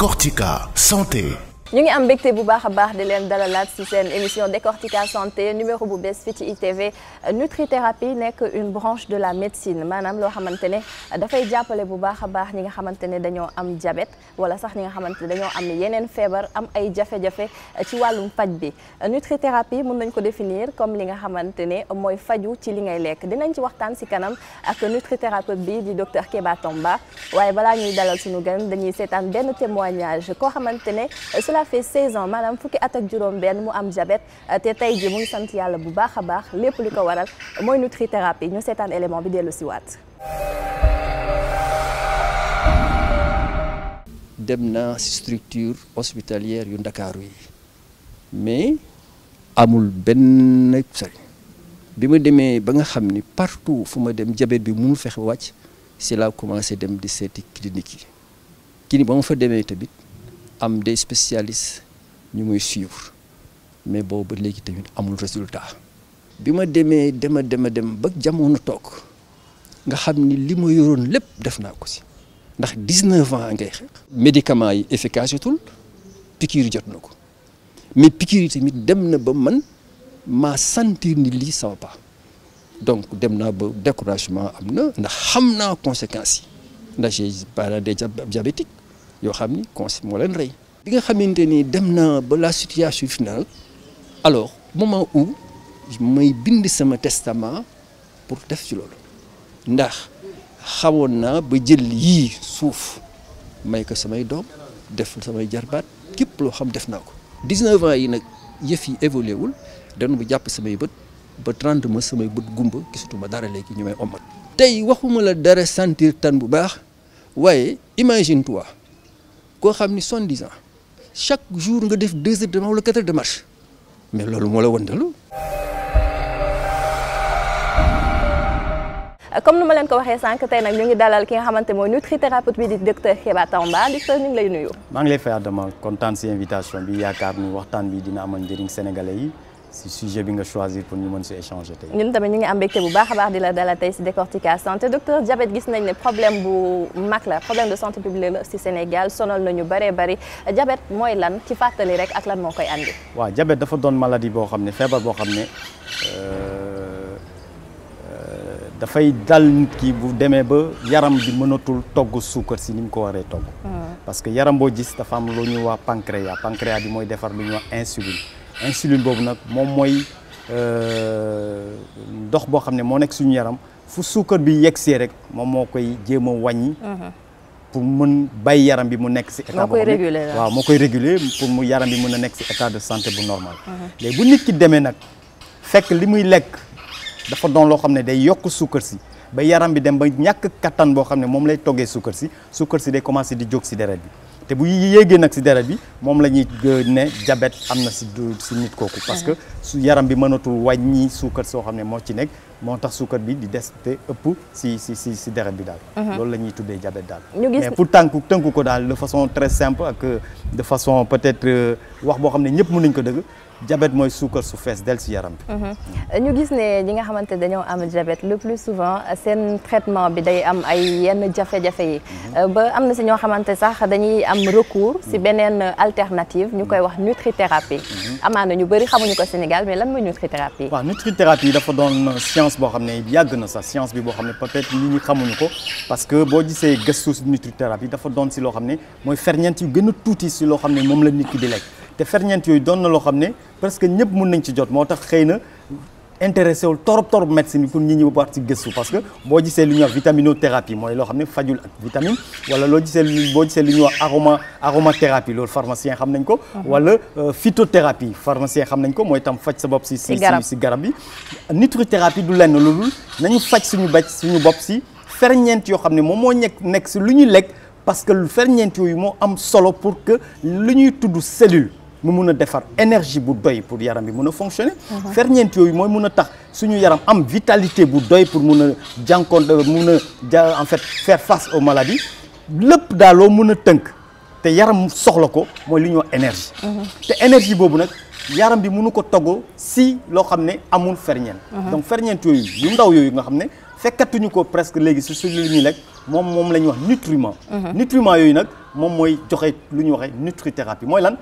Cortica santé ñu ngi am mbégte bu baax a baax di leen dalalaat ci seen émission décortica santé numéro bu bees fii ci ITV nutrithérapie nekk une branche de la médecine maanaam loo xamante ne dafay jàppale bu baax a baax ñi nga xamante ne dañoo am diabète wala sax ñi nga xamante ne dañoo am yeneen feebar am ay jafe-jafe ci wàllum faj bi nutrithérapie mën nañ ko définir comme li nga xamante ne mooy faju ci li ngay lekk dinañ ci waxtaan si kanam ak nutrithérapeute bi di docteur Keba Tamba waaye balaa ñuy dalal suñu gan dañuy seetaan benn témoignage koo xamante ne cela fait 16 ans fukki at ak juróom-benn mu am jabet euh, te tey ji mu sant yàlla bu baax a baax lépp li ko waral mooy nutrithérapie ñu seetaan élément bi dellu si waat. dem naa si structure hospitalière yu ndakaaru yi mais amul benn sori bi ma demee ba nga xam ni partout fu ma dem jabet bi mënul fexe wàcc si laa commencé dem di seeti clinique yi clinique ba ma fa demee tamit. am de spécialistes ñu muy suivre mais boobu ba léegi tamit amul résultat bi ma demee dema dema dem ba jamono toog nga xam ni li mu yoroon lépp def naa ko si ndax 19 ans ngay xeex médicament yi efficace tul piqûre jot na ko mais piqûre yi tamit dem na ba man maa sentir ni lii ça va pas donc dem naa ba découragement am na ndax xam naa conséquences yi ndax j'ai parlé des diabétiques yoo xam ni consi moo leen rey. bi nga xamante ni dem na ba la situation finale alors moment où may bind sama testament pour def ci loolu ndax xawoon naa ba jël yii suuf may ko samay doom def samay jarbaat képp loo xam def naa ko. 19 ans yi nag yëf yi évolué wul dañu bu jàpp samay bët ba 30 ma samay bët gumba gisatuma dara léegi ñu may omat. tey waxuma la dara sentir tan bu baax waaye imagine toi. koo xam ni soixante-dix chaque jour nga def deux heures de marche wala quatre heures mais loolu moo la wëndalu comme nu ma leen ko waxee sànq tey nag ñu ngi dalal ki nga xamante mooy nutrithérapeute bi di docteur Keba Tamba docteur ñu ngi lay nuyu. maa ngi lay fay Adama kontaan si invitation bi yaakaar ni waxtaan bi dina amal njëriñ sénégalais yi. si sujet bi nga choisir pour ñu mën si échanger tey. ñun tamit ñu ngi am mbégte bu baax baax di la dalal tey si décortica santé docteur diabète gis nañ ne problème bu mag la problème de santé publique la si Sénégal sonal ñu bëree bari diabète mooy lan ci fàttali rek ak lan moo koy andi. waaw diabète dafa doon maladie boo xam ne feebar boo xam ne euh, euh, dafay dal nit ki bu demee ba yaram bi mënatul togg suukar si ni mu ko waree togg. Hmm. parce que yaram boo gis mooy defar lu ñuy wax insuline. insuline boobu nag moom mooy euh, ndox boo xam ne moo nekk suñu yaram fu suukar bi yeggsee rek moom moo koy jéem a wàññi. Mhm. pour mën bay yaram bi mu nekk si état. moo koy moo koy réguler pour mu yaram bi mën a nekk si état de santé bu normal. Mhm. léegi bu nit ki demee nag fekk li muy lekk dafa doon loo xam ne day yokk suukar si ba yaram bi dem ba ñàkk kattan boo xam ne moom lay toggee suukar si suukar si day commencé di jóg si deret bi. te bu yéegee nag si deret bi moom la ñuy ne diabète am na si si nit kooku parce que mm. su yaram bi mënatul wàññi suukar soo xam ne moo ci nekk moo tax suukar bi di des te ëpp si si deret bi daal. Mhm. loolu la ñuy tuddee diabète daal. mais pour tànku tënku ko daal de façon très simple ak euh, de façon peut-être euh, wax boo xam ne ñëpp mën nañu ko dëgg. diabète mooy suukar su fees del si yaram bi. Mhm. Mm. ñu gis ne ñi nga xamante dañoo am diabète le plus souvent seen traitement bi day am ay yenn jafe-jafe yi. Mhm. Euh, ba am na si ñoo xamante sax dañuy am recours si beneen alternative ñu koy wax nutrithérapie. amaana ñu bëri xamuñu ko Sénégal mais lan mooy nutrithérapie. waaw science boo xam ne yàgg na sax science bi boo xam ne peut-être nit ñi xamuñu ko parce que boo gisee gëstu si nutrithérapie dafa doon si loo xam ne mooy ferñeent yu gën a tuuti si loo xam ne moom la nit ki di lekk te ferñeent yooyu doon na loo xam ne presque ñëpp mun nañ ci jot moo tax xëy na intéressé wul torop torop médecine bi pour nit ñi bu baax ci gëstu parce que boo gisee lu ñuy wax vitaminothérapie mooy loo xam ne fajul ak vitamine wala loo gisee lu boo gisee lu ñuy wax aroma aromathérapie loolu pharmacien xam nañ ko mhm. wala euh, phytothérapie pharmacien xam nañ ko mooy tam faj sa bopp si si si garab bi nutrithérapie du lenn lu dul nañu faj suñu baj suñu bopp si ferñeent yoo xam ne moom moo nekk nekk si lu ñuy lekk parce que ferñeent yooyu moo am solo pour lu ñuy tudd cellule mu mun a defar énergie bu doy pour yaram bi mun a fonctionner. Uh-huh. ferñeent yooyu mooy mun a tax suñu yaram am vitalité bu doy pour mun a jànkoon euh, mun a ja en fait faire face aux maladies lépp daal loo mun a tënk te yaram soxla ko mooy li ñuy wax énergie. Uh-huh. te énergie boobu nag yaram bi mënu ko togg si loo xam ne amul ferñeent. Uh-huh. donc ferñeent yooyu yu ndaw yooyu nga xam ne. fekkatuñu ko presque léegi si su suñu li lekk moom moom la ñuy wax nutriment mhm. nutriment yooyu nag moom mooy joxe lu ñu waxee nutrithérapie mooy lan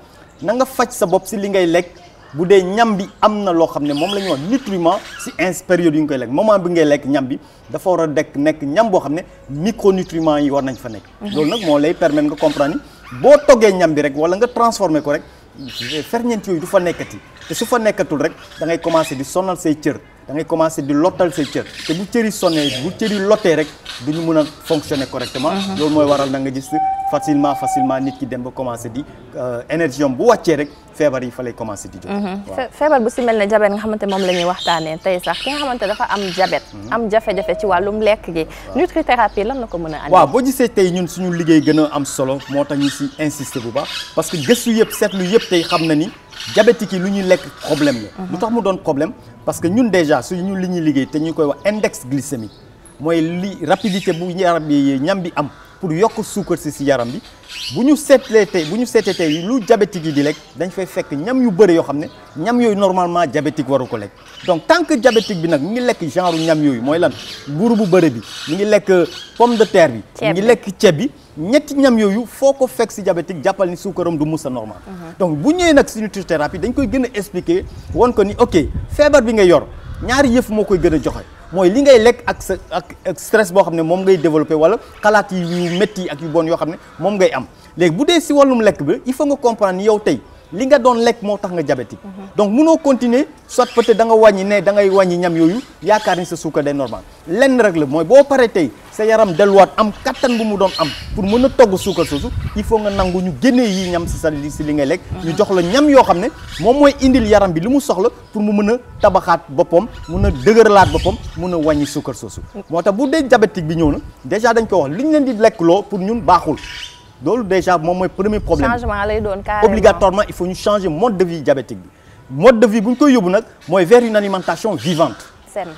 na nga faj sa bopp si li ngay lekk bu dee ñam bi am na loo xam ne moom la ñuy wax nutriment si ins période yu ñu koy lekk moment bi ngay lekk ñam bi dafa war a dekk nekk ñam boo xam ne micronutriment yi war nañ fa nekk mhm. loolu nag moo lay permettre nga comprendre ni boo toggee ñam bi rek wala nga transformer ko rek ferñeent yooyu du fa nekkati te su fa nekkatul rek da ngay commencer di sonal say cër da ngay commencer di lottal say cër te bu cëri sonnee bu cëri lottee rek du ñu mën a fonctionner correctement. Uh-huh. loolu mooy waral na nga gis facilement facilement nit ki dem ba commencer di euh, énergie am bu wàccee rek feebar yi fa lay commencer di jóg. Uh-huh. feebar bu si mel ne jabet nga xamante moom la ñuy waxtaanee tey sax ki nga xamante dafa am jabet. Uh-huh. am jafe-jafe ci wàllum lekk gi. nutrithérapie lan la ko mën a andi. waaw boo gisee tey ñun suñu liggéey gën a am solo moo tax ñu si insister bu baax parce que gëstu yëpp seetlu yëpp tey xam na ni. diabétique yi lu ñuy lekk problème la. Uh-huh. lu tax mu doon problème parce que ñun déjà su ñun li ñuy liggéey te ñu koy wax index glycémique mooy li rapidité bu yaram bi ñam bi am. pour yokk suukar si si yaram bi bu ñu seetlee tey bu ñu seetee tey lu diabétique yi di lekk dañ fay fekk ñam yu bëri yoo xam ne ñam yooyu normalement diabétique waru ko lekk donc tant que diabétique bi nag mu ngi lekk genre ñam yooyu mooy lan mburu bu bëri bi mi ngi lekk euh, pomme de terre bi mi ngi lekk ceeb bi ñetti ñam yooyu foo ko fekk si diabétique jàppal ni suukaram du musa normal mhm. donc bu ñëwee nag si nutrithérapie dañ koy gën a expliquer woon ko ni ok feebar bi nga yor ñaari yëf moo koy gën a joxe mooy li ngay lekk ak sa ak stress boo xam ne moom ngay développé wala xalaat yu métti ak yu bon yoo xam ne moom ngay am léegi bu dee si wàllum lekk bi il faut nga comprendre ni yow tey li nga doon lekk moo tax nga diabétique mhm. donc munoo continuer soit peut-être da nga wàññi ne da ngay wàññi ñam yooyu yaakaar ni sa suukar day normal lenn rek la mooy boo paree tey sa yaram delluwaat am kattan bu mu doon am pour mën a togg suukar soosu il faut nga nangu ñu génnee yi ñam si sa si li ngay lekk mhm. ñu jox la ñam yoo xam ne moom mooy indil yaram bi li mu soxla pour mu mën a tabaxaat boppam mun a dëgëralaat boppam mun a wàññi suukar soosu moo tax bu dee diabétique bi ñëw na déjà dañ ko wax li ñu leen di lekkloo pour ñun baaxul loolu déjà moom mooy premier problème changement lay doon carrément obligatoirement il faut ñu changer mode de vie diabétique bi mode de vie bu ñu koy yóbbu nag mooy vers une alimentation vivante. saine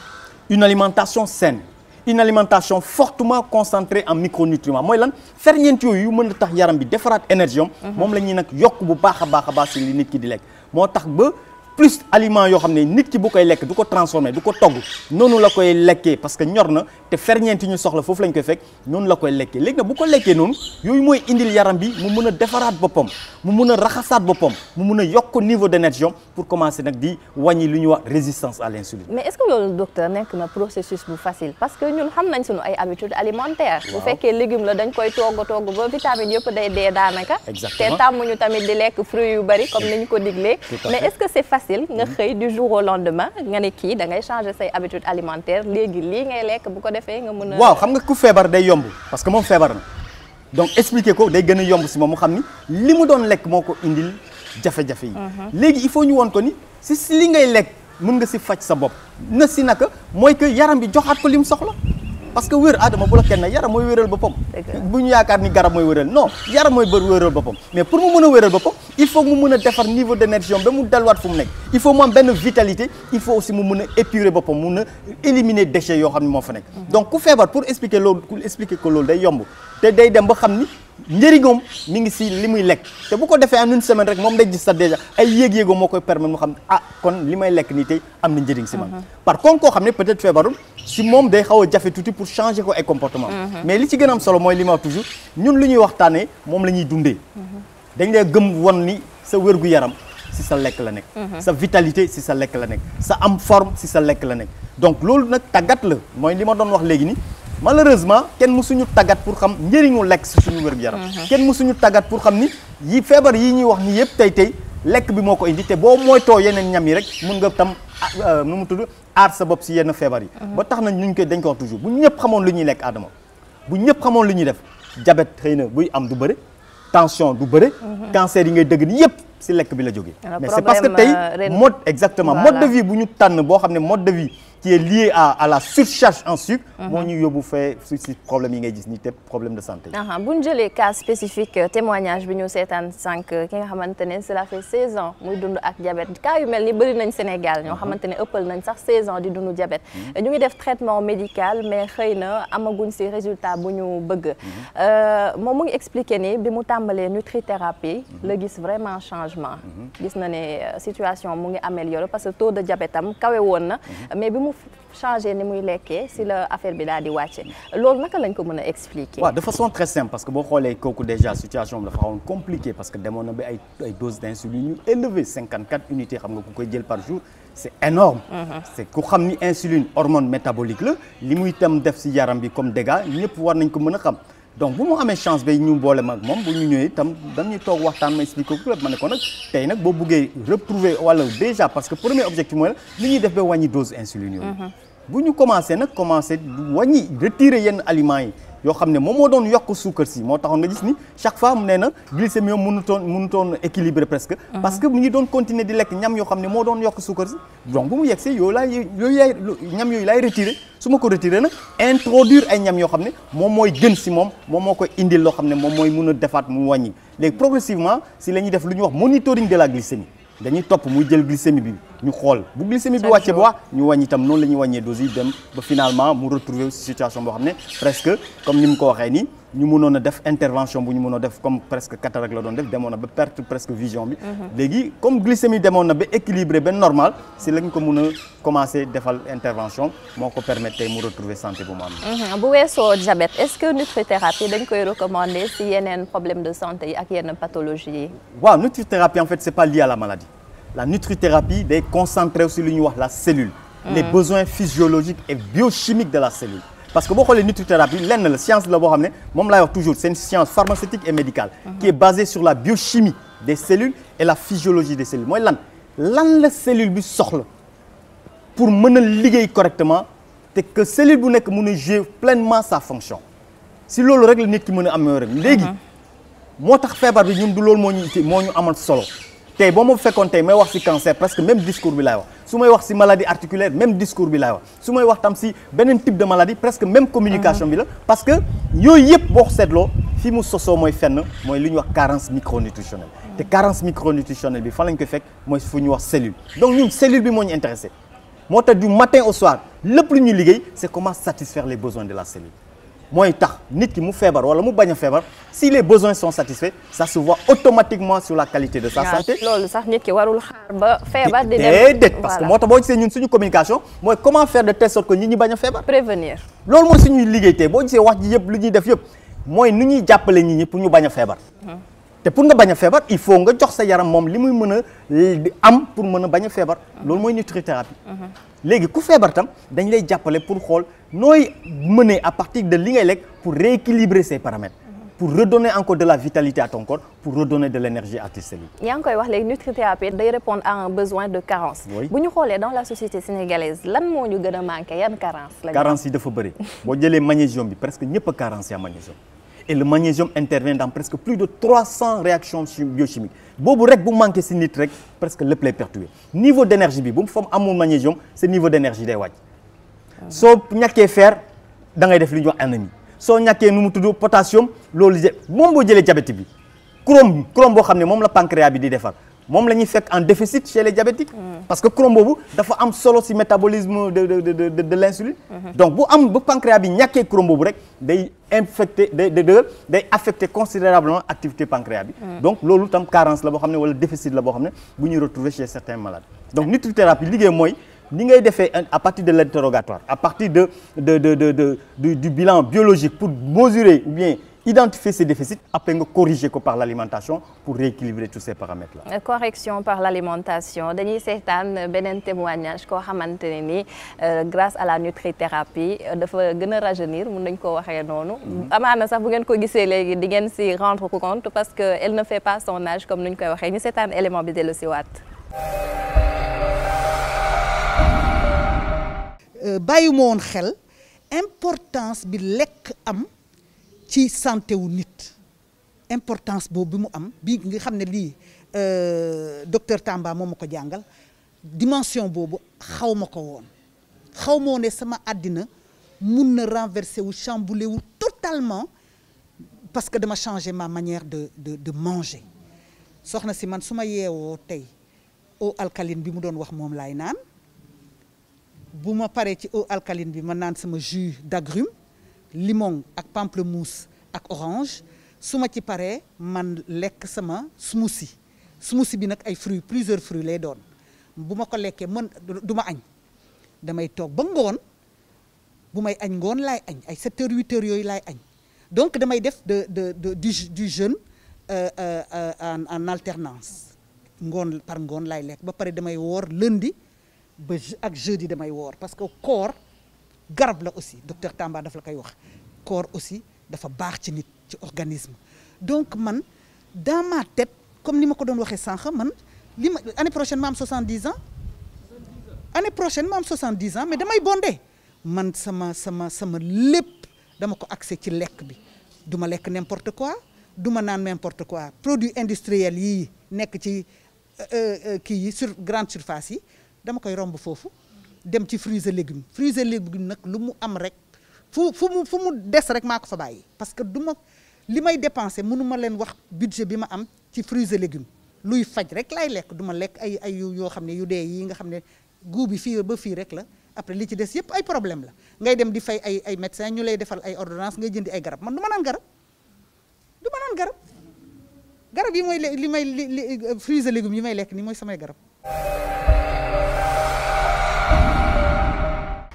une alimentation saine. une alimentation fortement concentrée en micronutriments mooy lan ferñeent yooyu yu mën a tax yaram bi defaraat énergie mhm. moom la ñuy nag yokk bu baax a baax a baax si li nit ki di lekk moo tax ba. plus aliment yoo xam ne nit ki bu koy lekk du ko transformé du ko togg noonu la koy lekkee parce que ñor na te ferñeent yi ñu soxla foofu lañ koy fekk noonu la koy lekkee léegi nag bu ko lekkee noonu yooyu mooy indil yaram bi mu mun a defaraat boppam mu mun a raxasaat boppam mu mun a yokk niveau d'énergie pour commencer nag di wàññi lu ñuy wax résistance à l'insuline mais est-ce que loolu docteur nekk na processus bu facile parce que ñun xam nañ suñu ay habitudes dañ koy togg togg ba vitamine yëpp day dee daanaka te tàmmuñu tamit di lekk fruits yu bari comme ni ko facile nga mm-hmm. xëy du jour au lendemain nga ne kii da ngay changer say habitude alimentaire léegi lii ngay lekk bu ko defee nga mën a. waaw xam nga ku feebar day yomb parce que moom feebar na donc expliquer ko day gën a yomb si moom mu xam ni li mu doon lekk moo ko indil jafe-jafe yi. Mm-hmm. léegi il faut ñu woon ko ni si si li ngay lekk mën nga si faj sa bopp na si naka mooy que yaram bi joxaat ko li mu soxla. parce que wér aadama bu la kenn yaram mooy wéral boppam bu ñu yaakaar ni garab mooy wéral non yaram mooy bër wéral boppam mais pour mu mën a wéral boppam il faut mu mën a defar niveau d'énergie ba mu delluwaat fu mu nekk il faut mu am benn vitalité il faut aussi mu mën a épurer boppam mun a éliminer déchets yoo xam ne moo fa nekk mm-hmm. donc ku feebar pour expliquer loolu ku expliquer ko loolu day yomb te day dem ba xam ni njëriñam mi ngi si li muy lekk te bu ko defee am na semaine rek moom day gis sa déjà ay yéeg-yéegoo moo koy permettre mu xam ah kon li may lekk nii tey am na njëriñ si man mhm. par contre koo xam ne peut-être feebarul si moom day xaw a jafe tuuti pour changer ko ay comportement mhm. mais li ci gën a am solo mooy li ma wax toujours ñun lu ñuy waxtaanee moom la ñuy dundee mhm. dañ lay gëm won ni sa wér-gu-yaram si sa lekk la nekk sa vitalité si sa lekk la nekk sa am forme si sa lekk la nekk donc loolu nag tàggat la mooy li ma doon wax léegi nii malheureusement kenn mësuñu tàggat pour xam njëriñu lekk si suñu wér-gu-yaram mhm. kenn suñu tàggat pour xam ni yi feebar yi ñuy wax ni yëpp tey tey lekk bi moo ko indi te boo moytoo yeneen ñam yi rek mën nga tam ah, euh, nu mu tudd aar sa bopp si yenn feebar yi mhm. ba tax nañ ñu koy dañ ko wax toujours bu ñëpp xamoon lu ñuy lekk aadama bu ñëpp xamoon lu ñuy def diabète xëy na buy am du bëre tension du bëre mhm. cancer yi ngay dëgg ni yëpp si lekk bi la jóge mais c'est parce que tey euh, mode exactement mode de vie ñu tànn boo xam ne mode de vie qui est lié à à la surcharge en sucre. Mhm. moo ñu yóbbu fee si problème yi ngay gis ni te problème de santé. bu ñu jëlee cas spécifique euh, témoignage bi ñu seetaan sànq ki nga xamante ne cela fait 16 ans muy dund ak diabète ka yu mel ni bëri nañ Sénégal ñoo mhm. xamante ne ëppal nañ sax 16 ans di dund diabète. Mhm. ñu ngi def traitement médical mais xëy na amaguñ si résultat bu ñu bëgg. Euh, moom mu ngi expliqué ni bi mu tàmbalee nutrithérapie la gis vraiment changement. gis na ne euh, situation mu ngi amélioré parce que taux mu changé ni muy lekkee si la affaire bi daal di wàcce loolu naka lañ ko mën a expliquer. waaw de façon très simple parce que boo xoolee kooku déjà situation bi dafa xawoon compliqué parce que demoon na bi ay ay doses d'insuline yu élevées 54 unités xam nga ku koy jël par jour. c'est énorme mhm. c'est ku xam ni insuline hormone métabolique la li muy tam def si yaram bi comme dégâts ñëpp war nañ ko mën a xam. donc bu mu amee chance ba ñu boole ma ak moom bu ñu ñëwee itam dañuy toog waxtaan ma expliqué ko lépp ma ne ko nag tey nag boo buggee retrouver wala déjà parce que premier objectif mooy la li ñuy def ba wàññi dose insuline yooyu mm-hmm. bu ñu commencé nag commencé wàññi retirer yenn aliment yi yoo xam ne moom moo doon yokk suukar si moo taxoon nga gis ni chaque fois mu nee na glycémie mënutoon mënutoon équilibré presque mhm. parce que mu ngi doon continuer di lekk ñam yoo xam ne moo doon yokk suukar si donc bu mu yegsee yooyu laay yooyu su ma ko retiré nag introduire ay ñam yoo xam ne moom mooy gën si moom moom moo koy indil loo xam ne moom mooy mun a defaat mu wàññi léegi progressivement si la ñuy def lu ñuy wax monitoring de la glycémie dañuy topp muy jël glycémie bi ñu xool bu glycémie bi wàccee ba ñu wàññi itam noonu la wàññee dose yi ba finalement mu retrouver situation boo xam ne presque comme ni mu ko waxee nii ñu mënoon a def intervention bu ñu mënoon def comme presque cataracte la doon def demoon ba perte presque vision bi. Mhm. léegi comme glycémie demoon ba équilibré ba normal si lañ ko mën a defal intervention moo ko permettre tey mu retrouver santé bu mu am. Mhm. bu weesoo diabète est-ce que la nutrithérapie day concentré sur lu ñuy wax la cellule ah. les besoins physiologiques et biochimiques de la cellule parce que boo xoolee nutrithérapie lenn la science la boo xam ne moom laay wax toujours c'est une science pharmaceutique et médicale ah. qui est basée sur la biochimie des cellules et la physiologie de cellules mooy lan lan la cellule bi soxla pour mën a liggéey correctement te que cellule bu nekk mën a jouer pleinement sa fonction si loolu rek nit ki mën a am rek léegi ah. moo tax feebar bi ñun du loolu moo ñu moo ñu amal solo tey boo ma fekkoon tey may wax ci cancer parce que même discours bi laay wax su may wax ci maladie articulaire même discours bi laay wax su may wax tam ci beneen type de maladie presque même communication bi la parce que yooyu yëpp boo seetloo fi mu sosoo mooy fenn mooy li ñuy wax carence micronutritionnelle te carence micronutritionnelle bi fan lañ koy fekk mooy fu ñuy wax cellule donc ñun cellule bi moo ñu intéressé moo tax du matin au soir lépp lu ñuy liggéey c'est comment satisfaire les besoins de la cellule mooy tax nit ki mu feebar wala mu bañ a feebar si les besoins sont satisfaits ça se voit automatiquement sur la qualité de sa ah, santé loolu sax nit ki warul xaar ba feebar di dem parce que moo tax boo gisee ñun suñu communication mooy comment faire de telle sorte que nit ñi bañ a feebar prévenir loolu mooy suñuy liggéey tey boo gisee wax ji yëpp li ñuy def yëpp mooy ni ñuy jàppale nit ñi pour ñu bañ a feebar ah. te pour nga baña feebar il faut nga jox sa yaram moom li muy mën a eh, am pour mën a bañ a feebar ah. loolu mooy nutrithérapie léegi ku feebar tam dañ lay jàppale pour xool nooy mënee à partir de li ngay lekk pour rééquilibrer ces paramètres mhm. pour redonner encore de la vitalité à ton corps pour redonner de l'énergie à tes cellules. yaa ngi koy wax léegi nutrithérapie day répondre à un besoin de carence. bu ñu xoolee dans la société sénégalaise lan moo ñu gën a manqué yan carence la. carence yi dafa bëri boo jëlee magnésium bi presque ñëpp a carence yaa magnésium. et le magnésium intervient dans presque plus de 300 réactions biochimiques boobu rek bu manqué si nit rek presque lépp lay perturbé niveau d' énergie bi bu mu fam amul magnésium ce niveau d' énergie day wàcc soo ñàkkee fer da ngay def li ñuy wax anémie soo ñàkkee nu mu tudd potassium loolu moom boo jëlee jabet bi chrome chrome boo xam ne moom la pancréas bi di defar moom la ñuy fekk en déficit chez les diabétiques mm. parce que chrome boobu dafa am solo ci métabolisme de de de de mm-hmm. donc bu am ba pancréas bi ñàkkee chrome boobu rek day infecté day day affecté considérablement activité pancréas bi mm. donc loolu tam carence la boo xam ne wala déficit la boo xam ne bu ñuy retrouver chez certains malades donc nutrithérapie liggéey mooy ni ngay defee à partir de l'interrogatoire à partir de de de du bilan biologique pour mesurer ou bien identifier ces déficits après nga corriger ko par l'alimentation pour rééquilibrer tous ces paramètres là. correction par l'alimentation dañuy seetaan beneen témoignage koo xamante ne ni euh, grâce à la nutrithérapie euh, dafa gën a rajeunir mun nañ ko waxee noonu. Mm-hmm. amaana sax bu ngeen ko gisee léegi di ngeen si rendre compte parce que elle ne fait pas son âge comme nuñ koy waxee ñu élément bi dellu si waat. Euh, bàyyi ma woon xel bi lekk ci santé wu nit importance boobu bi mu am bi nga xam ne lii euh, docteur Tamba moom ma ko jàngal dimension boobu xaw ma ko woon xaw moo ne sama àddina mun na renverser wu chambouler wu totalement parce que dama changer ma manière de de de manger soxna si man su ma yeewoo tey eau alcaline bi mu doon wax moom laay naan bu ma paree ci eau alcaline bi ma naan sama jus d'agrumes limon ak pamplemousse ak orange su ma ci paree man lekk sama smoothie smoothie bi nag ay fruits plusieurs fruits lay doon bu ma ko lekkee mën du ma añ damay toog ba ngoon bu may añ ngoon lay añ ay 7 heures 8 heures yooyu laay añ donc damay def de de de du du jeûne euh, euh, euh, en en alternance ngoon par ngoon laay lekk ba pare damay woor lundi ba ak jeudi damay woor parce que koor. garab la aussi docteur Tamba dafa la koy wax corps aussi dafa baax ci nit ci organisme donc man dans ma tête comme ni ma ko doon waxee sànq man li ma année prochaine ma am 70 ans année prochaine ma am 70 ans mais damay bondé man sama sama sama lépp dama ko accès ci lekk bi du ma lekk n'importe quoi du ma naan n'importe quoi produit industriel yii nekk ci euh, euh, kii yi sur grande surface yi dama koy romb foofu dem ci fruits et légumes fruits et légumes nag lu mu am rek fu fu mu fu mu des rek maa ko fa bàyyi parce que du ma li may dépenser mënu leen wax budget bi ma am ci fruits et légumes luy faj rek lay lekk du ma lekk ay ay yoo xam ne yu dee yi nga xam ne guu bi fii ba fii rek la après li ci des yëpp ay problème la ngay dem di fay ay ay médecin ñu lay defal ay ordonnance ngay jëndi ay garab man du ma naan garab du ma naan garab garab yi mooy li may li fruits et légumes may lekk nii mooy samay garab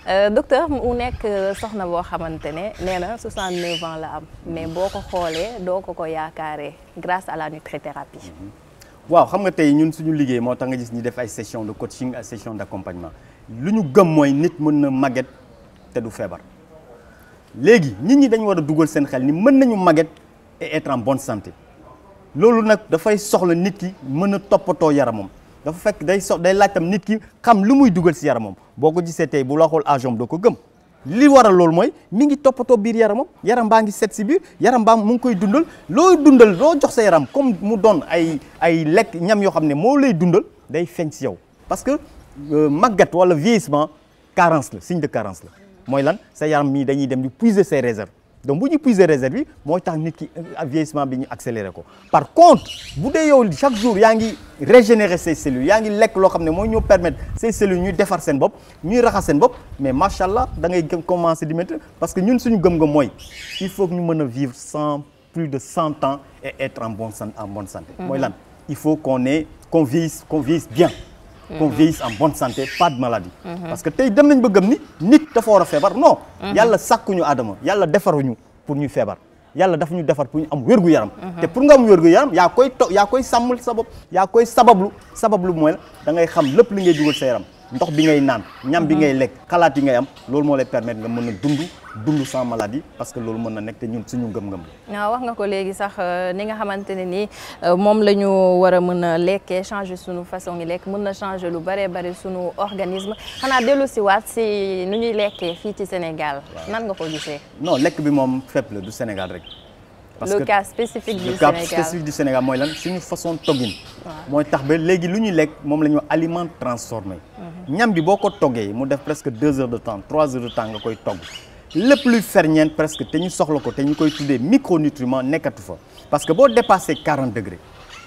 Euh, docteur mu nekk euh, soxna boo xamante ne nee na 69 ans la am mais boo ko xoolee doo ko ko yaakaaree grace à la nutrithérapie. Mm-hmm. waaw xam nga tey ñun suñu liggéey moo tax nga gis ñu def ay session de coaching ay session d'accompagnement lu ñu gëm mooy nit mën na màgget te du feebar léegi nit ñi dañu war a dugal seen xel ni mën nañu màgget et être santé loolu nag dafay soxla nit ki mën a toppatoo yaramam. dafa fekk day so day laaj tam nit ki xam lu muy dugal si yaramam boo ko gisee tey bu la xool agom doo ko gëm li waral loolu mooy mi ngi toppatoo biir yaramam yaram baa ngi set si biir yaram baa mu ngi koy dundal looy dundal loo jox sa yaram comme mu doon ay ay lekk ñam yoo xam ne moo lay dundal day feeñ si yow parce que euh, màggat wala vieillissement carence la signe de carence la mooy lan sa yaram mii dañuy dem di puiser ses réserves donc bu ñu puiser réserve yi mooy tax nit ki euh, vieillissement bi ñu accéléré ko par contre bu dee yow chaque jour yaa ngi régénérer ses cellules yaa ngi lekk loo xam ne mooy ñu permettre ses cellules ñuy defar seen bopp ñuy raxas seen bopp mais macha allah da ngay commencer di métti parce que ñun suñu gëm-gëm mooy il faut que ñu mën a vivre sans plus de cent ans et être en bonne santé en bonne mm-hmm. mooy lan il faut qu'on ait qu'on vieillisse qu'on bien. Mhm. qu'on vieillisse en bonne santé pas de maladie mhm. parce que tey dem nañ ba gëm ni nit dafa war a feebar non mhm. yàlla sàkkuñu aadama yàlla defaruñu pour ñuy feebar yàlla dafa ñu defar pour ñu am wérgu yaram te pour nga am wérgu yaram yaa koy to yaa koy sàmmul sa bopp yaa koy sabablu sabablu mooy la xam lépp li ngay dugal sa yaram ndox bi ngay naan ñam bi mhm. ngay lekk xalaat yi ngay am loolu moo lay permettre nga mun a dund dund sans maladie parce que loolu mën na nekk te ñun suñu ngëm-ngëm la. waaw ah, wax nga ko léegi sax euh, ni nga xamante ne ni euh, moom la ñu war a mën a lekkee changer suñu façon yi lekk mën na changer lu bare bare suñu organisme xanaa dellu si waat si nu ñuy lekkee fii ci Sénégal. nan nga ko gisee. no lekk bi moom fépp la du Sénégal rek. parce que le cas spécifique du Sénégal le cas spécifique du mooy lan suñu façon toggin. mooy tax ba léegi lu ñu lekk moom la ñu aliment transformé. Mhm. ñam bi boo ko toggee mu def presque deux heures de temps trois heures de temps nga koy togg. lépp luy ferñeent presque te ñu soxla ko te ñu koy tuddee micronutriments nekkatu fa parce que boo dépassé 40 degrés.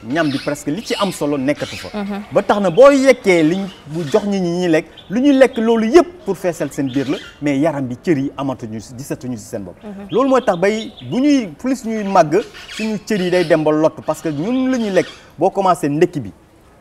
ñam bi presque li ci am solo nekkatu fa. Mhm. ba tax na boo yekkee liñ bu jox ñi ñi ñuy lekk lu ñu lekk loolu yëpp pour feesal seen biir la mais yaram bi cër yi amatuñu gisatuñu si seen bopp. Mhm. loolu mooy tax bay bu ñuy plus ñuy màgg suñu cër yi day dem ba lott parce que ñun la ñuy lekk boo commencé ndekk bi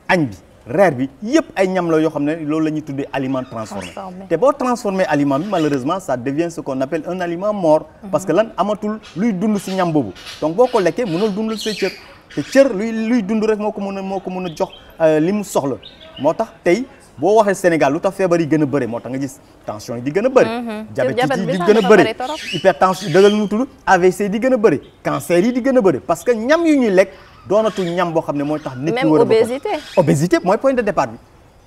añ bi. reer bi yëpp ay ñam la yoo xam ne loolu la ñuy tuddee aliment transformé te boo transformé aliment bi malheureusement ça devient ce qu'on appelle un aliment mort mhm. que lan amatul luy dund ci ñam boobu donc boo ko lekkee mënul dundal say cër te cër luy luy dund rek moo ko mën a moo ko mën a jox euh, li mu soxla moo tax tey boo waxee Sénégal lu tax feebar yi gën a bëri moo tax nga gis tension yi di gën a bëri mhm. diabète yi di gën a bëri hypertension dëgal nu tudd AVC yi gën bëri cancer yi di gën a bëri parce que ñam yu ñuy lekk doonatu ñam boo xam ne mooy tax nit ki war a obésité mooy point de départ bi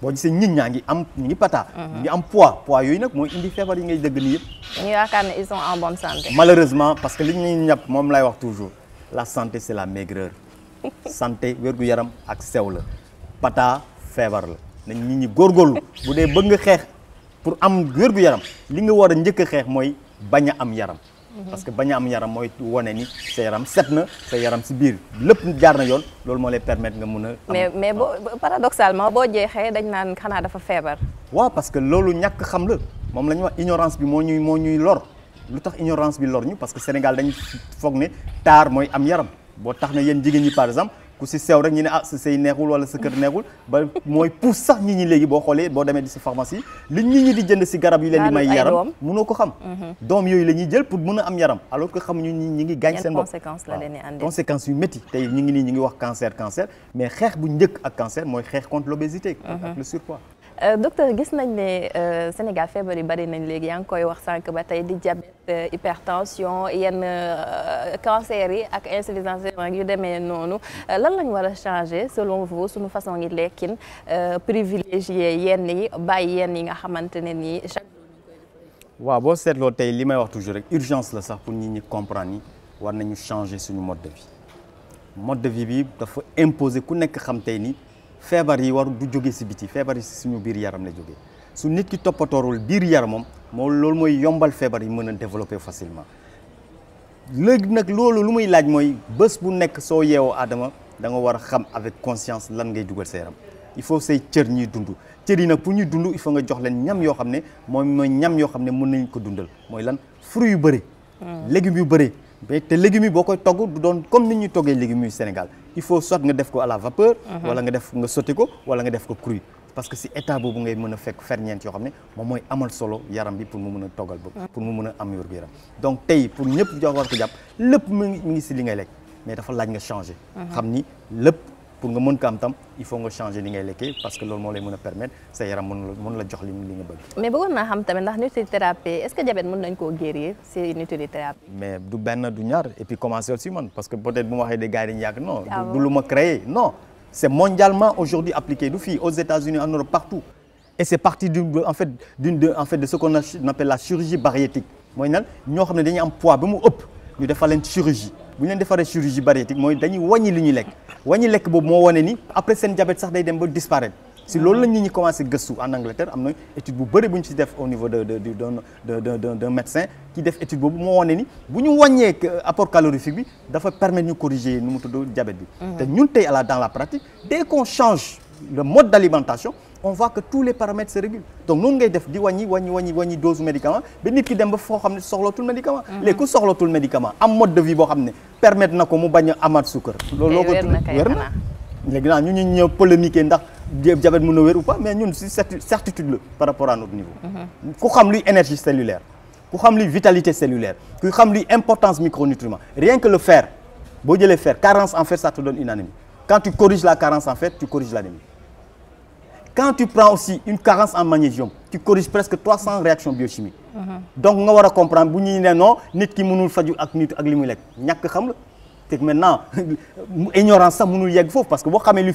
boo gisee nit ñaa ngi am ñu ngi pata mhm. ngi am poids poids yooyu nag mooy indi feebar yi ngay dëgg nii yëpp ñu yaakaar ne malheureusement parce que li ñuy ñàpp moom lay wax toujours la santé c'est la maigreur santé wérgu yaram ak sew la pata feebar la nañ nit ñi góor góorgóorlu bu dee bëgg nga xeex pour am wérgu yaram li nga war a njëkk a xeex mooy bañ a am yaram mhm. parce que bañ a am yaram mooy wane ni sa yaram set na sa yaram si biir lépp jaar na yoon loolu moo lay permettre nga mun a. mais mais boo paradoxalement boo jeexee dañ naan xanaa dafa feebar. waaw que loolu ñàkk xam la moom la ñuy wax ignorance bi moo ñuy moo ñuy lor lu tax ignorance bi lor ñu parce que Sénégal dañ foog ne taar mooy am yaram. boo tax na yéen jigéen ñi par exemple ku si sew rek ñu ne ah sa sëy neexul wala sa kër neexul ba mooy pour sax nit ñi léegi boo xoolee boo demee di si pharmacie li nit ñi di jënd si garab yi leen di may yaram mënoo ko xam mhm. doom yooyu la jël pour mën a am yaram alors que xamuñu ñi ñi ngi gaañ seen bopp conséquences yu métti tey ñu ngi nii ñu ngi wax cancer cancer mais xeex bu njëkk ak cancer mooy xeex contre l'obésité mhm. ak le surpoids Euh, docteur gis nañ ne euh, Sénégal feebar yi bari nañ léegi yaa ngi koy wax sànq ba tey di diabète euh, hypertension yenn cancer yi ak insuffisance yu demee noonu lan lañ war a changer selon vous suñu façon yi lekkin privilégier yenn yi bàyyi yenn yi nga xamante ne nii chaque waaw boo seetloo tey li may wax toujours rek urgence la sax pour nit ñi comprendre ni war nañu changer suñu mode de vie mode de vie bi dafa imposer ku nekk xam tey nii feebar yi war du jóge si biti feebar yi si suñu biir yaram la jóge su nit ki toppatoorul biir yaramam moom loolu mooy yombal feebar yi mën a développer facilement léegi nag loolu lu muy laaj mooy bés bu nekk soo yeewoo aadama da nga war a xam avec conscience lan ngay dugal sa yaram il faut say cër ñuy dund cër yi nag pour ñu dund il faut nga jox leen ñam yoo xam ne moom mooy ñam yoo xam ne mën nañ ko dundal mooy lan fruit yu bëri hmm. légumes yu bëri mais te légumes yi boo koy togg du doon comme ni ñu toggee légumes yu Sénégal il faut soit nga def ko à la vapeur. Uh-huh. wala nga def nga sotti ko wala nga def ko cru. parce que si état boobu ngay mën a fekk ferñeent yoo xam ne moom mooy amal solo yaram bi pour mu mën a toggal ba uh-huh. pour mu mën a am wér-gu-yaram donc tey pour ñëpp jox war ko jàpp lépp mu ngi si li ngay lekk mais dafa laaj nga changer. Uh-huh. xam ni lépp pour nga mën ko am tam il faut nga changer li ngay lekkee parce que loolu moo lay mën a permettre sa yaram mën la jox li li nga bëgg. mais bëggoon naa xam tamit ndax nutrithérapie est ce que diabète mën nañ koo guérir si nutrithérapie. mais du benn du ñaar et puis commencé aussi ah mondialement aujourd'hui appliqué du fii aux États-Unis en Europe partout et c' est du en fait d'une ce qu'on appelle la chirurgie bariétrique mooy nag ñoo xam ne dañuy am poids ñu defal chirurgie bu ñu leen defaree chirurgie bariatrique mooy dañuy wàññi li ñuy lekk wàññi lekk boobu moo wane ni après seen diabète sax day dem ba disparaître si loolu la ñi commencé gëstu en Angleterre am na étude bu bëri bu ñu ci def au niveau de de du médecin ki def étude boobu moo wane ni bu ñu wàññee apport calorifique bi dafa permettre ñu corriger nu mu tudd diabète bi. Mm-hmm. te ñun tey à dans la pratique dès qu'on change le mode d'alimentation. on voit que tous les paramètres se régulent donc noonu ngay def di wàññi wàññi wàññi wàññi dose médicament ba nit ki dem ba foo xam ne soxlatul médicament mhm. léegi ku soxlatul médicament am mode de vie boo xam ne permettre na ko mu bañ amaat suukar eh, loolu loo ko na ñu ñu ñëw polémiquer ndax diabète mën na wér ou pas mais ñun si certitude la par rapport à notre niveau mhm. ku xam luy énergie cellulaire ku xam luy vitalité cellulaire ku xam luy importance micronutriments quand tu prends aussi une carence en magnésium tu corriges presque 300 réactions donc nga war a comprendre bu ñuy ne non nit ki mënul faju ak nit ak li muy lekk ñàkk xam la te maintenant ignorance sax mënul yegg foofu parce que boo xamee li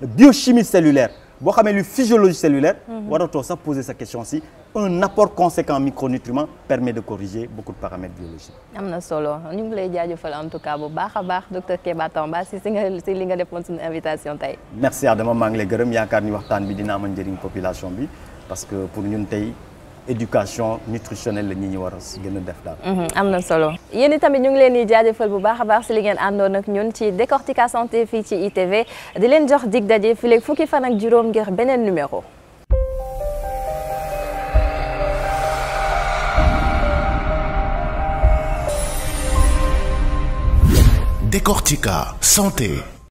biochimie cellulaire boo xamee lu physiologie cellulaire. Mhm. waratoo sax poser sa question si un apport conséquent en micronutriments permet de corriger beaucoup de paramètres biologiques. am na solo ñu ngi lay jaajëfal en tout cas bu baax a baax docteur Keba Tamba si si nga si li nga defoon suñu invitation tey. merci Adama maa ngi lay gërëm yaakaar ni waxtaan bi dina amal njëriñ population bi parce que pour ñun tey. éducation nutritionnelle la ñu war a gën a mhm, am na solo yéen itamit ñu ngi leen di jaajëfal bu baax baax si li ngeen àndoon ak ñun ci santé fii ci ITV di leen jox dig daje fileeg fukki fan ak juróom ngir beneen numéro. Décortica santé